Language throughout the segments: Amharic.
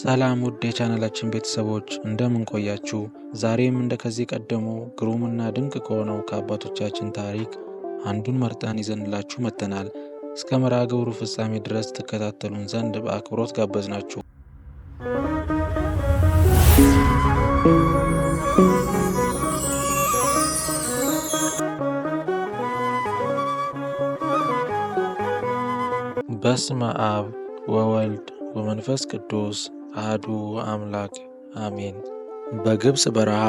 ሰላም ውድ የቻናላችን ቤተሰቦች እንደምን ቆያችሁ? ዛሬም እንደ ከዚህ ቀደሙ ግሩምና ድንቅ ከሆነው ከአባቶቻችን ታሪክ አንዱን መርጠን ይዘንላችሁ መጥተናል። እስከ መርሃ ግብሩ ፍጻሜ ድረስ ትከታተሉን ዘንድ በአክብሮት ጋበዝናችሁ። በስመ አብ ወወልድ ወመንፈስ ቅዱስ አዱ አምላክ አሜን። በግብፅ በረሃ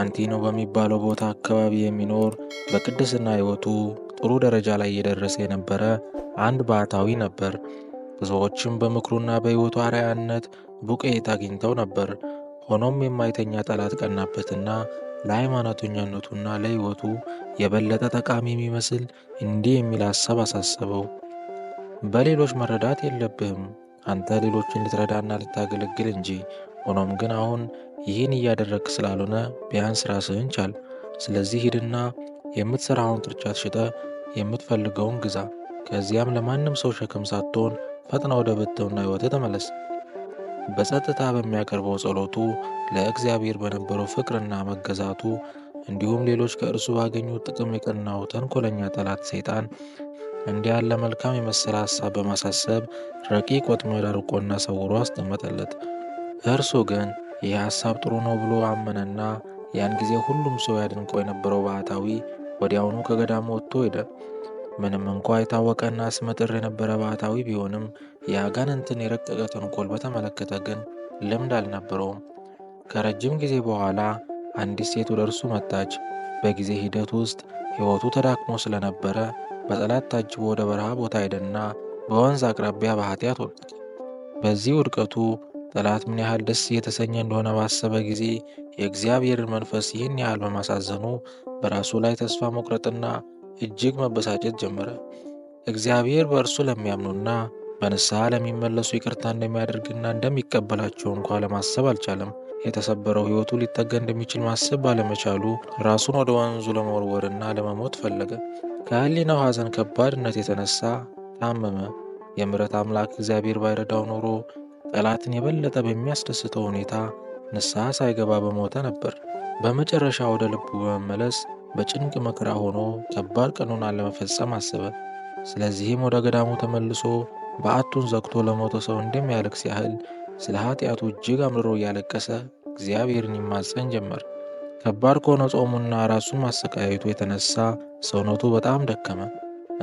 አንቲኖ በሚባለው ቦታ አካባቢ የሚኖር በቅድስና ሕይወቱ ጥሩ ደረጃ ላይ እየደረሰ የነበረ አንድ ባህታዊ ነበር። ብዙዎችም በምክሩና በሕይወቱ አርያነት ቡቄት አግኝተው ነበር። ሆኖም የማይተኛ ጠላት ቀናበትና ለሃይማኖተኛነቱና ለሕይወቱ የበለጠ ጠቃሚ የሚመስል እንዲህ የሚል ሐሳብ አሳሰበው። በሌሎች መረዳት የለብህም አንተ ሌሎችን ልትረዳና ልታገለግል እንጂ። ሆኖም ግን አሁን ይህን እያደረግክ ስላልሆነ ቢያንስ ራስህን ቻል። ስለዚህ ሂድና የምትሰራውን ቅርጫት ሽጠ የምትፈልገውን ግዛ። ከዚያም ለማንም ሰው ሸክም ሳትሆን ፈጥና ወደ ቤትህና ሕይወትህ ተመለስ። በጸጥታ በሚያቀርበው ጸሎቱ ለእግዚአብሔር በነበረው ፍቅርና መገዛቱ እንዲሁም ሌሎች ከእርሱ ባገኙት ጥቅም የቀናው ተንኮለኛ ጠላት ሰይጣን እንዲህ ያለ መልካም የመሰለ ሐሳብ በማሳሰብ ረቂቅ ወጥመድ አርቆና ሰውሮ አስቀመጠለት። እርሱ ግን ይህ ሐሳብ ጥሩ ነው ብሎ አመነና ያን ጊዜ ሁሉም ሰው ያድንቆ የነበረው ባህታዊ ወዲያውኑ ከገዳሙ ወጥቶ ሄደ። ምንም እንኳ የታወቀና ስመጥር የነበረ ባህታዊ ቢሆንም የአጋንንትን የረቀቀ ተንኮል በተመለከተ ግን ልምድ አልነበረውም። ከረጅም ጊዜ በኋላ አንዲት ሴት ወደ እርሱ መጣች። በጊዜ ሂደት ውስጥ ሕይወቱ ተዳክሞ ስለነበረ በጠላት ታጅቦ ወደ በረሃ ቦታ ሄደና በወንዝ አቅራቢያ በኃጢአት ወደቀ። በዚህ ውድቀቱ ጠላት ምን ያህል ደስ እየተሰኘ እንደሆነ ባሰበ ጊዜ የእግዚአብሔር መንፈስ ይህን ያህል በማሳዘኑ በራሱ ላይ ተስፋ መቁረጥና እጅግ መበሳጨት ጀመረ። እግዚአብሔር በእርሱ ለሚያምኑና በንስሐ ለሚመለሱ ይቅርታ እንደሚያደርግና እንደሚቀበላቸው እንኳ ለማሰብ አልቻለም። የተሰበረው ሕይወቱ ሊጠገን እንደሚችል ማሰብ ባለመቻሉ ራሱን ወደ ወንዙ ለመወርወርና ለመሞት ፈለገ። ከህሊናው ሐዘን ከባድነት የተነሳ ታመመ። የምሕረት አምላክ እግዚአብሔር ባይረዳው ኖሮ ጠላትን የበለጠ በሚያስደስተው ሁኔታ ንስሐ ሳይገባ በሞተ ነበር። በመጨረሻ ወደ ልቡ በመመለስ በጭንቅ መከራ ሆኖ ከባድ ቀኖናን ለመፈጸም አሰበ። ስለዚህም ወደ ገዳሙ ተመልሶ በአቱን ዘግቶ ለሞተ ሰው እንደሚያለቅስ ያህል ስለ ኃጢአቱ እጅግ አምርሮ እያለቀሰ እግዚአብሔርን ይማጸን ጀመር። ከባድ ከሆነ ጾሙና ራሱን ማሰቃየቱ የተነሳ ሰውነቱ በጣም ደከመ።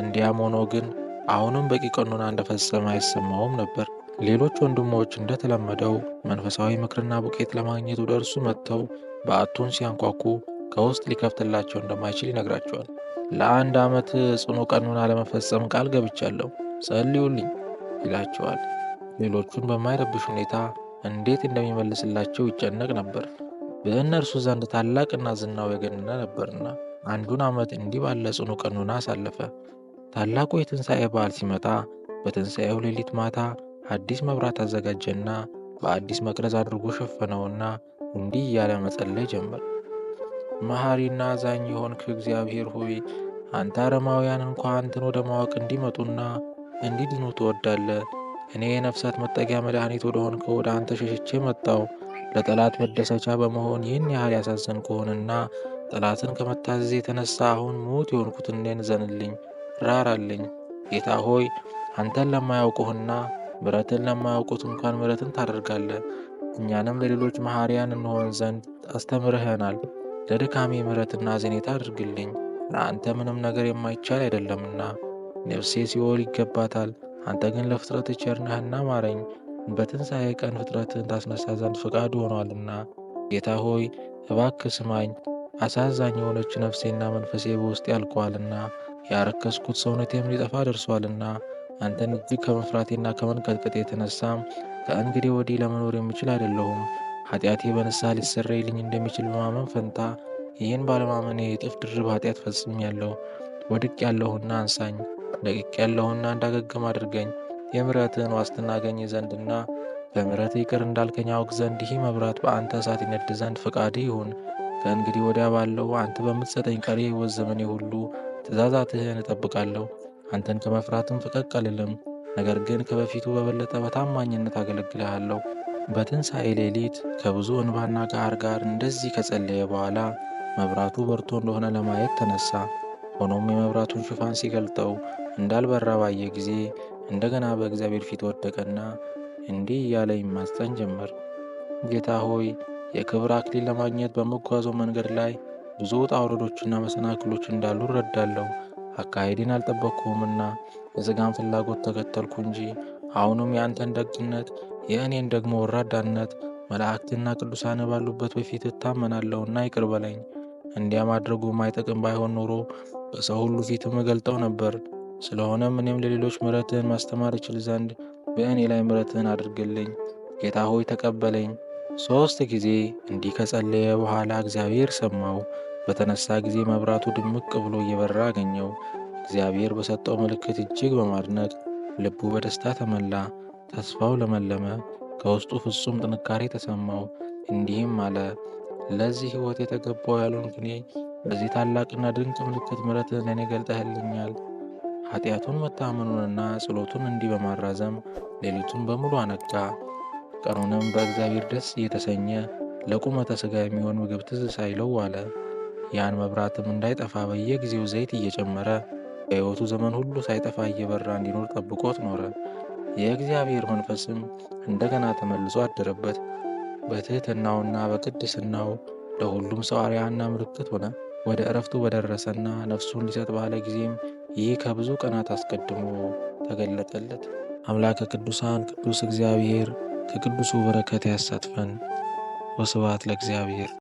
እንዲያም ሆኖ ግን አሁንም በቂ ቀኖና እንደፈጸመ አይሰማውም ነበር። ሌሎች ወንድሞች እንደተለመደው መንፈሳዊ ምክርና ቡቄት ለማግኘት ወደ እርሱ መጥተው በአቱን ሲያንኳኩ ከውስጥ ሊከፍትላቸው እንደማይችል ይነግራቸዋል። ለአንድ ዓመት ጽኑ ቀኖና ለመፈጸም ቃል ገብቻለሁ፣ ጸልዩልኝ ይላቸዋል። ሌሎቹን በማይረብሽ ሁኔታ እንዴት እንደሚመልስላቸው ይጨነቅ ነበር። በእነርሱ ዘንድ ታላቅና ዝናው የገነነ ነበርና። አንዱን ዓመት እንዲህ ባለ ጽኑ ቀኑና አሳለፈ። ታላቁ የትንሣኤ በዓል ሲመጣ በትንሣኤው ሌሊት ማታ አዲስ መብራት አዘጋጀና በአዲስ መቅረዝ አድርጎ ሸፈነውና እንዲህ እያለ መጸለይ ጀመር። መሐሪና አዛኝ የሆንክ እግዚአብሔር ሆይ አንተ አረማውያን እንኳ አንተን ወደ ማወቅ እንዲመጡና እንዲድኑ ትወዳለህ። እኔ የነፍሳት መጠጊያ መድኃኒት ወደ ሆንከው ወደ አንተ ሸሽቼ መጣው። ለጠላት መደሰቻ በመሆን ይህን ያህል ያሳዘን ከሆንና ጠላትን ከመታዘዝ የተነሳ አሁን ሙት የሆንኩት እኔን ዘንልኝ፣ ራራልኝ። ጌታ ሆይ አንተን ለማያውቁህና ምረትን ለማያውቁት እንኳን ምረትን ታደርጋለህ። እኛንም ለሌሎች መሐርያን እንሆን ዘንድ አስተምርህናል። ለድካሜ ምረትና ዜኔታ አድርግልኝ፣ ለአንተ ምንም ነገር የማይቻል አይደለምና። ነፍሴ ሲኦል ይገባታል፣ አንተ ግን ለፍጥረት ቸር ነህና ማረኝ። በትንሣኤ ቀን ፍጥረትን ታስነሳ ዘንድ ፈቃድ ሆኗልና። ጌታ ሆይ እባክህ ስማኝ፣ አሳዛኝ የሆነች ነፍሴና መንፈሴ በውስጤ ያልቀዋልና ያረከስኩት ሰውነቴም ሊጠፋ ደርሷልና አንተን እጅግ ከመፍራቴና ከመንቀጥቀጥ የተነሳ ከእንግዲህ ወዲህ ለመኖር የምችል አይደለሁም። ኃጢአቴ በንስሐ ሊሰረይልኝ እንደሚችል በማመን ፈንታ ይህን ባለማመን የእጥፍ ድርብ ኃጢአት ያለው ወድቅ ያለሁና አንሳኝ፣ ደቂቅ ያለሁና እንዳገግም አድርገኝ። የምሕረትህን ዋስትና አገኝ ዘንድና በምሕረት ይቅር እንዳልከኝ አውቅ ዘንድ ይህ መብራት በአንተ እሳት ይነድ ዘንድ ፈቃድህ ይሁን። ከእንግዲህ ወዲያ ባለው አንተ በምትሰጠኝ ቀሪ ሕይወት ዘመኔ ሁሉ ትእዛዛትህን እጠብቃለሁ። አንተን ከመፍራትም ፈቀቅ አልልም። ነገር ግን ከበፊቱ በበለጠ በታማኝነት አገለግልሃለሁ። በትንሣኤ ሌሊት ከብዙ እንባና ጋር ጋር እንደዚህ ከጸለየ በኋላ መብራቱ በርቶ እንደሆነ ለማየት ተነሳ። ሆኖም የመብራቱን ሽፋን ሲገልጠው እንዳልበራ ባየ ጊዜ እንደገና በእግዚአብሔር ፊት ወደቀና እንዲህ እያለ ይማጸን ጀመር። ጌታ ሆይ የክብር አክሊል ለማግኘት በምጓዘው መንገድ ላይ ብዙ ውጣ ውረዶችና መሰናክሎች እንዳሉ እረዳለሁ። አካሄዴን አልጠበቅኩምና የሥጋን ፍላጎት ተከተልኩ እንጂ አሁንም የአንተን ደግነት፣ የእኔን ደግሞ ወራዳነት መላእክትና ቅዱሳን ባሉበት በፊት እታመናለሁና ይቅር በለኝ። እንዲያ ማድረጉ ማይጠቅም ባይሆን ኖሮ በሰው ሁሉ ፊትም እገልጠው ነበር። ስለሆነም እኔም ለሌሎች ምረትህን ማስተማር እችል ዘንድ በእኔ ላይ ምረትህን አድርግልኝ። ጌታ ሆይ ተቀበለኝ። ሦስት ጊዜ እንዲህ ከጸለየ በኋላ እግዚአብሔር ሰማው። በተነሳ ጊዜ መብራቱ ድምቅ ብሎ እየበራ አገኘው። እግዚአብሔር በሰጠው ምልክት እጅግ በማድነቅ ልቡ በደስታ ተሞላ፣ ተስፋው ለመለመ፣ ከውስጡ ፍጹም ጥንካሬ ተሰማው። እንዲህም አለ፣ ለዚህ ሕይወት የተገባው ያለውን ግኔ በዚህ ታላቅና ድንቅ ምልክት ምሕረትህን ለእኔ ገልጠህልኛል። ኃጢአቱን መታመኑንና ጸሎቱን እንዲህ በማራዘም ሌሊቱን በሙሉ አነጋ። ቀኑንም በእግዚአብሔር ደስ እየተሰኘ ለቁመተ ሥጋ የሚሆን ምግብ ትዝ ሳይለው ዋለ። ያን መብራትም እንዳይጠፋ በየጊዜው ዘይት እየጨመረ በሕይወቱ ዘመን ሁሉ ሳይጠፋ እየበራ እንዲኖር ጠብቆት ኖረ። የእግዚአብሔር መንፈስም እንደገና ተመልሶ አደረበት። በትሕትናውና በቅድስናው ለሁሉም ሰው አርያና ምልክት ሆነ። ወደ ዕረፍቱ በደረሰና ነፍሱን ሊሰጥ ባለ ጊዜም ይህ ከብዙ ቀናት አስቀድሞ ተገለጠለት። አምላከ ቅዱሳን ቅዱስ እግዚአብሔር ከቅዱሱ በረከት ያሳትፈን። ወስብሐት ለእግዚአብሔር።